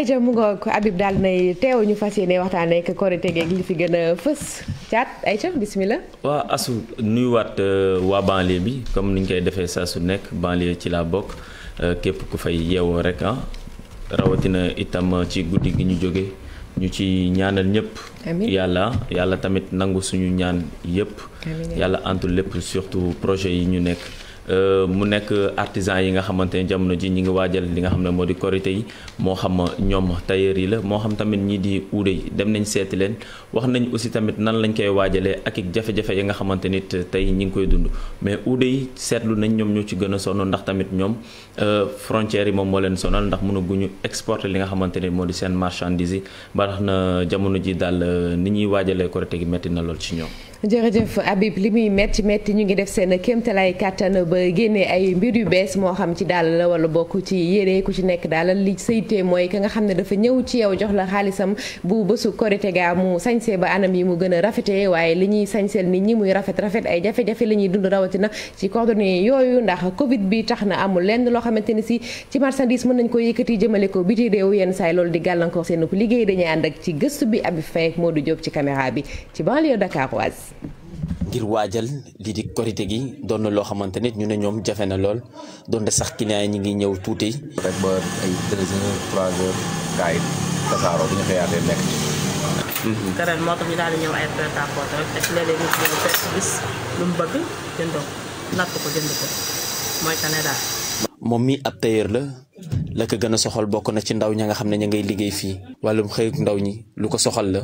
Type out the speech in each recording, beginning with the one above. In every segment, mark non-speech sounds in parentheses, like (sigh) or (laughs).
ayca mu ngoog Habib daal nay teew ñu fas ne waxtaan ak korite geeg li fi gën a fës caat ca bismillah. waa asu nuyuwaat euh, waa banlieue bi comme ni ñu koy defee saa su nekk banlieue ci laa bokk euh, képp ku fay yeewoo rek ah rawatina itam ci guddi gi ñu jóge ñu ci ñaanal ñëpp. yàlla yàlla tamit nangu suñu ñaan yëpp. yàlla antu lépp surtout projet yi ñu nekk. Euh, mu nekk artisan yi nga xamante ne jamono ji ñi ngi waajal li nga xam ne moo di korité yi moo xam ma ñoom tailleur yi la moo xam tamit ñii di uude yi dem nañ seeti leen wax nañ aussi tamit nan lañ koy waajalee ak i jafe-jafe yi nga xamante nit tey ñi ngi koy dund mais uude yi seetlu nañ ñoom ñoo ci gën a sonn ndax tamit ñoom euh, frontières yi moom moo leen sonal ndax mënu guñu exporter li nga xamante ni moo di seen marchandise yi ba tax na jamono ji daal euh, ni ñuy waajalee korité gi metti na lool ci ñoom jërëjëf Habib li muy métti métti ñu ngi def seen kéemtalaay kàttan ba génnee ay mbir yu bees moo xam ci daal la wala bokk ci yére ku ci nekk daal li saytee mooy ka nga xam ne dafa ñëw ci yow jox la xaalisam bu bésu korite ga mu sañsee ba anam yi mu gën a rafetee waaye li ñuy sañseel nit ñi muy rafet rafet ay jafe-jafe la ñuy dund rawatina ci coordonnées yooyu ndax Covid bi tax na amul lenn loo xamante ni si ci marchandise mën nañ ko yëkkati jëmale ko bi biti réew yenn saay lool di gàllankoor seen liggéey dañuy ànd ak ci gëstu bi Habib Faye moo di Diop ci caméra bi ci banlieue dakaroise ngir waajal lii di korité gi doon na loo xamante nit ñu ne ñoom jafe na lool donte sax client yi ñu ngi ñëw tuuti. rek ba ay xëyaatee nekk ci. Mm-hmm. moo tax ñu daal di ñëw ay prêt à rek te léeg mu bëgg jëndoo natt ko jënd ko mooy que daal. moom mi ab tailleur la la ko gën a soxal bokk na ci ndaw ña nga xam ne ña ngay liggéey fii wàllum xëyug ndaw ñi lu ko soxal la.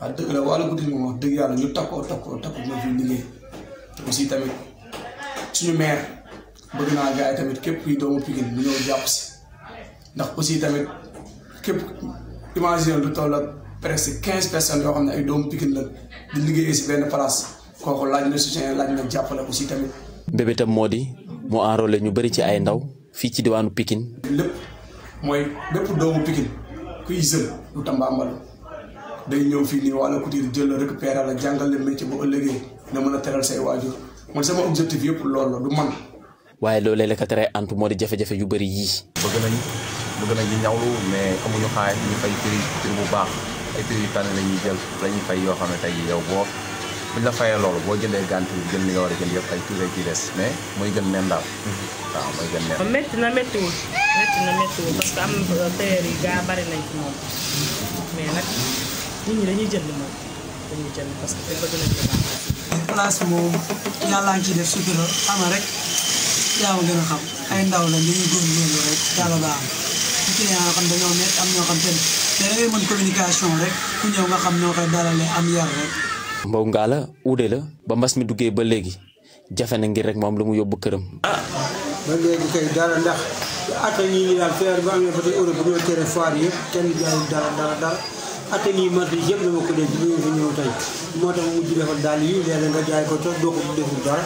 waaw dëgg la wàllu boutique moom dëgg yàlla ñu takkoo takkoo takkoo ñoo fi liggéey aussi tamit suñu maire bëgg naa gars tamit képp kuy doomu Pikine ñu ñëw jàpp si ndax aussi tamit képp imagine lu toll ak presque quinze personnes yoo xam ne ay doomu Pikine la di liggéeyee si benn place kooku laaj na soutien laaj na jàppale aussi tamit. mbébétam moo di mu enrôlé ñu bëri ci ay ndaw fii ci diwaanu pikin lépp mooy bépp doomu Pikine kuy jël lu Tamba day ñëw fii nii wàllu couture jël la récupérer la jàngal le métier bu ëllëgee na mën a teral say waajur man objectif yëpp loolu la du man. waaye loolee la ko teree moo di jafe-jafe yu yii. bëgg nañ bëgg nañ ñu ñawlu mais amuñu xaalis ñu bu baax ay prix yu tànn la ñuy jël la yoo xam ne tey yow boo buñ la fayee loolu boo jëndee gànt jël li nga war a jël yëpp ay tuure ci mais mooy gën neen daal. waaw mooy gën neen. métti na euh, yi gaa bari nañ moom nit ñi place moom yàlla ngi ciy def sutura xam rek gën a xam ay ndaw la ñu ngi góorgóorlu rek yàlla baax na ci client am ñoo xam te ne te da ngay yar rek. Mbow Ngalla uude la ba mbas mi duggee ba léegi jafe na ngir rek moom lu mu yóbbu këram. ba léegi kay dara ndax ata ñii ni daal feer ba amee ba tey Europe bu ñoo tere foire yëpp kenn jaayul dara dara atelier mode yëpp dama ko def bi fi ñëw tey moo tax ma mujj defal daal yi léeg nga jaay ko te doo ko dara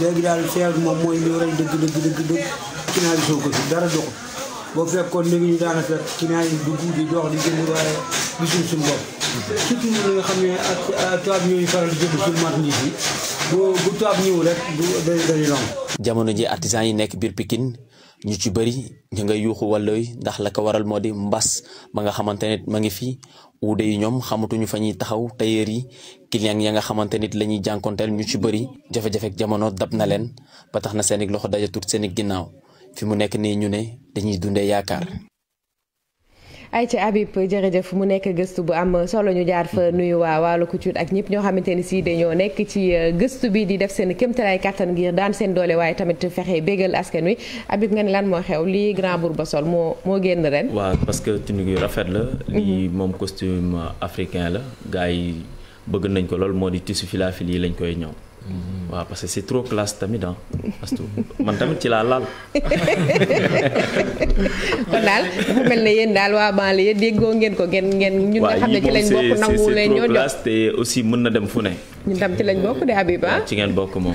léegi daal feebar moom mooy li waral dëgg dëgg dëgg dëgg kinaa yi soo ko si dara doxul boo fekkoon léegi ñu daana fekk kinaa yi dox di génn waaye gisuñ suñu bopp surtout ñi nga xam ne ak tubaab ñooñu faral jënd suñu marchandise yi bu bu tubaab ñëw rek du dañuy long jamono ji artisan yi nekk biir Pikine ñu ci bëri ñu ngay yuuxu wàllooy ndax la ko waral moo di mbas ba nga xamante ne ma ngi fi wuude yi ñoom xamatuñu fa ñuy taxaw tailleur yi client ya nga xamante nit la ñuy jànkonteel ñu ci bëri jafe-jafek jamono dab na leen ba tax na seen i loxo dajatut seen i ginnaaw fi mu nekk nii ñu ne dañuy dundee yaakaar ci Aïcha Habib jërëjëf mu nekk gëstu bu am solo ñu jaar fa nuyu waa wàllu couture ak ñëpp ñoo xamante ni si dañoo nekk ci euh, gëstu bi di def seen kéemtalaay kàttan ngir daan seen doole waaye tamit fexe bégal askan wi Habib nga ne lan moo xew li grand bourba sol moo moo génn ren. waa parce que tenue yu rafet la. Mhm. lii moom costume africain la gars yi bëgg nañ ko loolu moo di tissu fil yi lañ koy ñëw. Mhm. waaw parce que c'est trop classe tamit ah. parce que man tamit ci laa laal. (laughs) kon daal dafa mel ne yéen daal waa banlieue déggoo ngeen ko ngeen ngeen. ñun nga xam ne ci lañ bokk nangu leen ñoo jox te aussi mën na dem fu ne. ñun tam lañ bokk de ah. ci ngeen bokk moom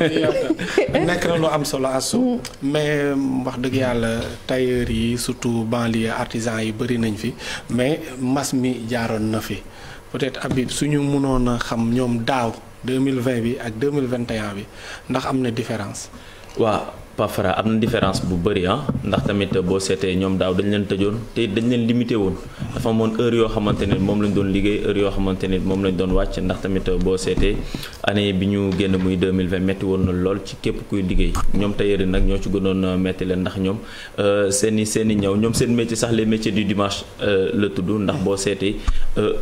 (laughs) nekk lu am solo asu mais wax dëgg yàlla tailleur yi surtout banlieue artisan yi bëri nañ fi mais mas mi jaaroon na fi peut-être Habib suñu mënoon a xam ñoom daaw. 2020 bi ak 2021 bi ndax am na différence. waa Pafara am na différence bu bëri ah ndax tamit boo seetee ñoom daaw dañu leen tëjoon te dañ leen limité woon dafa amoon heure yoo xamante ne moom lañ doon liggéey heure yoo xamante ne moom lañ doon wàcc ndax tamit boo seetee année bi ñu génn muy 2020 métti woon na lool ci képp kuy liggéey ñoom tailleur yi nag ñoo ci gënoon métti leen ndax ñoom euh, seeni seeni ñaw ñoom seen métier sax les métiers du dimanche euh, la tudd ndax boo seetee euh,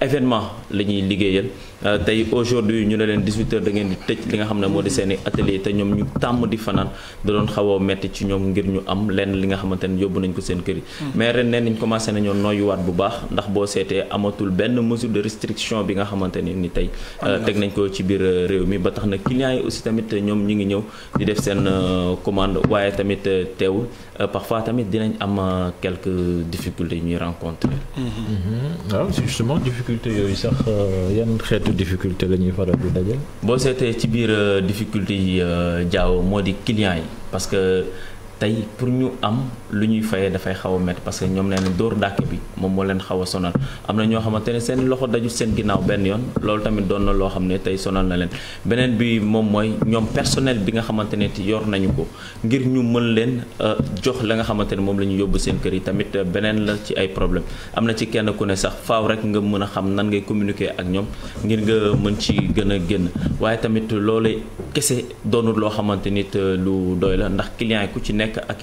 événement la ñuy liggéeyal. Euh, tey aujourd'hui ñu ne da ngeen di tëj li nga xam ne moo di seeni atelier te ñoom ñu tàmm di fanaan da doon xaw a metti ci ñoom ngir ñu am lenn li nga xamante yóbbu nañ ko seen kër yi mm. mais ren nee nañ commencé nañoo noyuwaat bu baax ndax boo seetee amatul benn mesure de restriction bi nga xamante ne ni tey euh, teg nañ ko ci biir euh, réew mi ba tax na clients yi aussi tamit ñoom ñu ngi ñëw di def seen commande waaye tamit teew parfois tamit dinañ am quelques difficultés ñuy rencontrer waaw mm-hmm. mm-hmm. ah, justement difficulté yooyu sax yan xeetu Euh, difficulté la ñuy faral di dajal. boo seetee ci biir euh, difficulté yi jaaw euh, moo di client yi parce que. tey pour ñu am lu ñuy fayee dafay xaw a métti parce que ñoom nee na dóor dàkk bi moom moo leen xaw a sonal am na ñoo xamante ne seen loxo daju seen ginnaaw benn yoon loolu tamit doon na loo xam ne tey sonal na leen beneen bi moom mooy ñoom personnel bi nga xamante ne yor nañu ko ngir ñu mën leen euh, jox la nga xamante ne moom la ñu yóbbu seen kër yi tamit euh, beneen la ci ay problème am na ci kenn ku ne sax faaw rek nga mën a xam nan ngay communiquer ak ñoom ngir nga mën ci gën a génn waaye tamit loolee kese doonul loo xamante nit euh, lu doy ndax client ku ci nekk nekk ak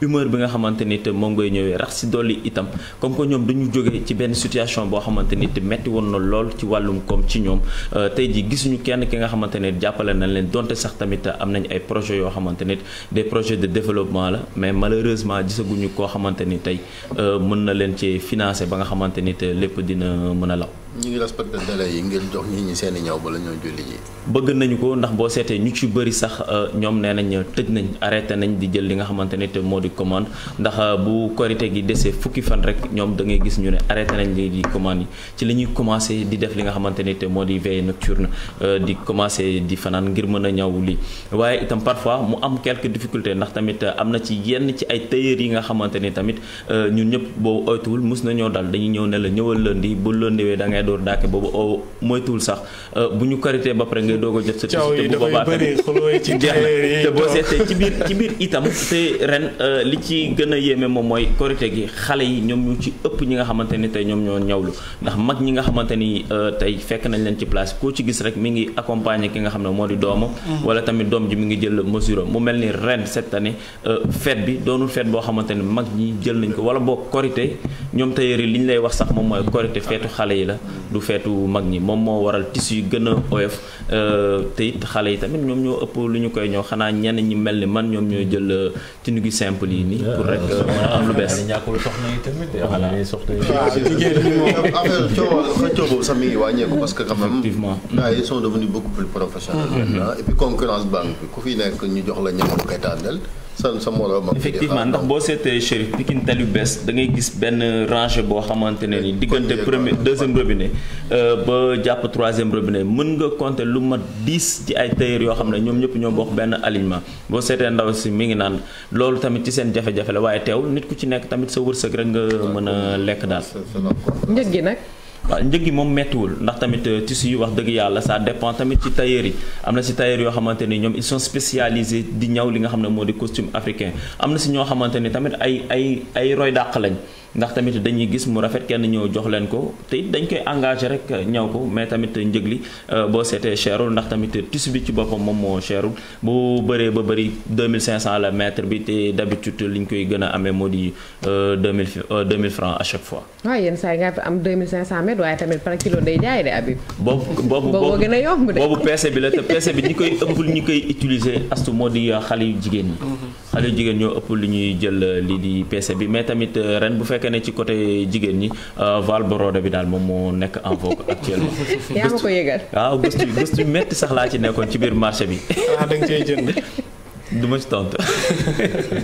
humeur bi nga xamante ni te moom ngay ñëwee rax si dolli itam comme que ñoom dañu jóge ci benn situation boo xamante ni te metti woon na lool ci wàllum koom ci ñoom euh, tey ji gisuñu kenn ki nga xamante ne jàppale nañ leen donte sax tamit am nañ ay projets yoo xamante ni des projets de développement la mais malheureusement gisaguñu koo xamante ni tey euh, mën na leen ci financer ba nga xamante ni te lépp dina mën a law ñu ngi yi ngir jox nit ñi seen i ñëw bala ñoo julli ji. bëgg nañu ko ndax boo seetee ñu ci bëri sax euh, ñoom nee nañ euh, tëj nañ arrêté nañ di jël li nga xamante ne te moo di commande ndax euh, bu korité gi desee fukki fan rek ñoom da ngay gis ñu ne arrêté nañ di commande yi ci la ñuy commencé di def li nga xamante ne te moo di veille nocturne di commencé di fanaan ngir mën a ñaw lii waaye itam parfois mu am quelque difficultés ndax tamit am na ci yenn ci ay tailleur yi nga xamante ni tamit ñun ñëpp boo oytuwul mus nañoo daal dañuy ñëw ne la ñëwal lundi bu lundi da ngay door daake boobu oo moytuwul sax euh, bu ñu karité ba pare ngay doog a jot sa tiis bu boobaa te ren euh, li ci gën a yéeme moom mooy korité gi xale yi ñoom ñu ci ëpp ñi nga xamante ni tey ñoom ñoo ñawlu ndax mag ñi nga xamante ni euh, tey fekk nañ leen ci place koo ci gis rek mi ngi accompagner ki nga xam ne moo di doomam mm-hmm. wala tamit doom ji mi ngi jël mesure mu mel ni ren cette année fête bi doonul fête boo xamante ni mag ñi jël nañ ko wala boo korité ñoom tailleur yi li ñu lay wax sax moom mooy korité feetu xale yi la du feetu mag ñi moom moo waral tiss yu gën a oyof euh, te it xale yi tamit ñoom ñoo ëpp lu ñu koy ñëw xanaa ñenn ñi mel ni man ñoom ñoo jël euh, tinu gi simple yi nii pour rek euh, mën a am lu bee eh, ah, (laughs) parce que quand même gars mm. ah, yi sont devenus beaucoup plus professionnels mm. et puis concurrence banque bi ku fi nekk ñu jox la ñamal koy tàndeel seen sa moroomam effectivement ndax boo seetee Chérif Pikine Tali bees da ngay gis benn rangée boo xamante ne ni diggante premier deuxième robinet euh, ba jàpp troisième robinet mën nga compter lu mat dix ci ay tailleur yoo xam ne ñoom ñëpp ñoo bokk benn alignement boo seetee ndaw si mi ngi naan loolu tamit ci seen jafe-jafe la waaye teewul nit ku ci nekk tamit sa wërsëg rek nga mën a lekk daal njëg gi nag waaw njëg yi moom méttiwul ndax tamit euh, tissu yu wax dëgg yàlla saa dépend tamit ci tailleur yi am na si tailleur yoo xamante ni ñoom ils sont spécialisés di ñaw li nga xam ne moo di costume africain am na si ñoo xamante ni tamit ay ay ay roy dàq lañ ndax tamit dañuy gis mu rafet kenn ñëw jox leen ko te it dañ koy engagé rek ñaw ko mais tamit njëg li euh, boo seetee cherul ndax tamit tissu bi ci boppam moom moo cherul bu bëree ba bëri 2500 la mètre bi te d'habitude li ñu koy gën a amee moo di 2000 euh, 2000 euh, francs à chaque fois. waaw ah, yenn saa yi nga am 2500 mètre waaye tamit par kilo day jaay de Habib. boobu boobu boobu a yomb de. boobu peese bi la te peese bi ñu koy ëpp ñi koy utiliser astu moo di xale xale jigéen ñoo ëpp li ñuy jël euh, lii di PC bi mais tamit euh, ren bu fekkee ne ci côté jigéen ñi euh, Val Boroda bi daal moom moo nekk en vogue actuellement. (laughs) yaa ma ko yëgal waaw gëstu gëstu métti sax laa ci nekkoon ci biir marché bi. ah da nga cee (laughs) du ma ci tontu.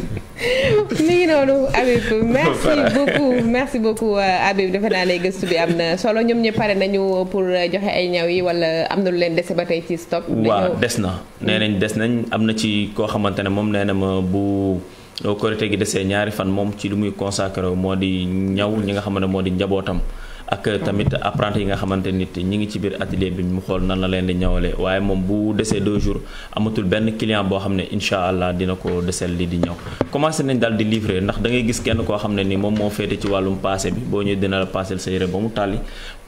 (laughs) mi ngi noonu Habib (laughs) merci beaucoup merci beaucoup euh, defe naa ne gëstu bi am na solo ñoom ñëpp pare nañu pour euh, joxe ay ñaw yi wala am na lu leen dese ba tey ci stop. waaw des na nee nañ des nañ am na ci koo xamante ne moom nee na ma bu. korité gi desee ñaari fan moom ci li muy consacré moo di ñaw ñi nga xam ne moo di njabootam ak tamit apprenti yi nga xamante nit ñi ngi ci biir atelier bi mu xool nan la leen di ñëwalee waaye moom bu desee deux jours amatul benn client boo xam ne incha allah dina ko desel li di ñëw commencé nañ daal di livrer ndax da gis kenn koo xam ne ni moom moo féete ci wàllum passé bi boo ñëwee dina la passel sa yére ba mu tàlli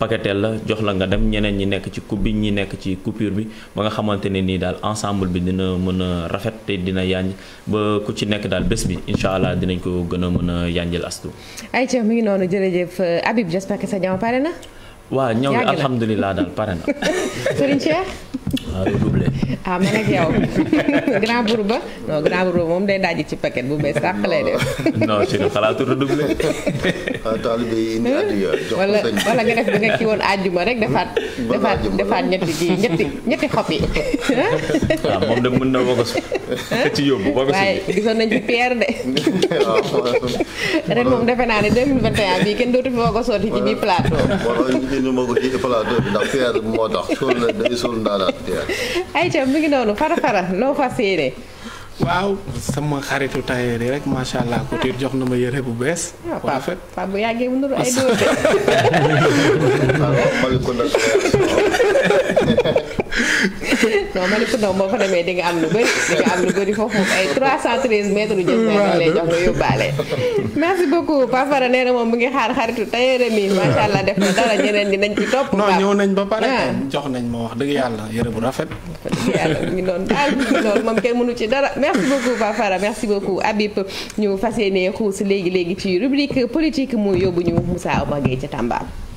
paquetel la jox la nga dem ñeneen ñi nekk ci coupe bi ñi nekk ci coupure bi ba nga xamante ne nii daal ensemble bi dina mën a rafet te dina yànj ba ku ci nekk daal bés bi incha allah dinañ ko gën a mën a yànjal astu ñaw pare na. waaw ñaw alhamdulilah daal pare na. Serigne Cheikh. ah man ak yow (laughs) grand bour ba non grand bour ba moom day daaji ci paquet bu bees sàq lay def. (laughs) non ci na xalaatu redoublé. Ah, taalibe yi indi addiya jox wala wala nga def bi nga kii woon àjjuma rek defaat. defaat ñetti ji ñetti ñetti xob yi. Ah, de mën na woo ko su ci yóbbu boo ko waaye gisoon nañ ci pierre de. (laughs) ren moom defe naa ne 2021 bii kenn dootu fi woo ko sotti ci biir plateau. wala ñu indi ma ko ci bi ndax pierre moo tax sol na day sol ndaalaat pierre. mi ngi noonu fara fara loo fas yéene. waaw sama xaritu tailleur yi rek macha allah jox na ma yëre bu bees. bu ah, rafet bu yàggee mu nuru ay (laughs) dóor de. (laughs) (laughs) non Malick Koundaw boo fa demee di nga am lu bëri di nga am lu bëri foofu moom ay 313 mètres yu jëm nañ lay jox nga yóbbaale. merci beaucoup Pape Fara nee na moom mu ngi xaar xaritu tailleur mi macha def na dara ñeneen dinañ ci topp. non ñëw nañ ba pare ah. jox nañ ma wax dëgg yàlla yëre bu rafet. dëgg yàlla mu ngi noonu daal ah, mu ngi noonu moom kenn mënu ci dara merci beaucoup Pape Fara merci beaucoup Habib ñu fas yéenee xuus léegi léegi ci rubrique politique mu yóbbu ñu Moussa Omar Gueye ca Tamba.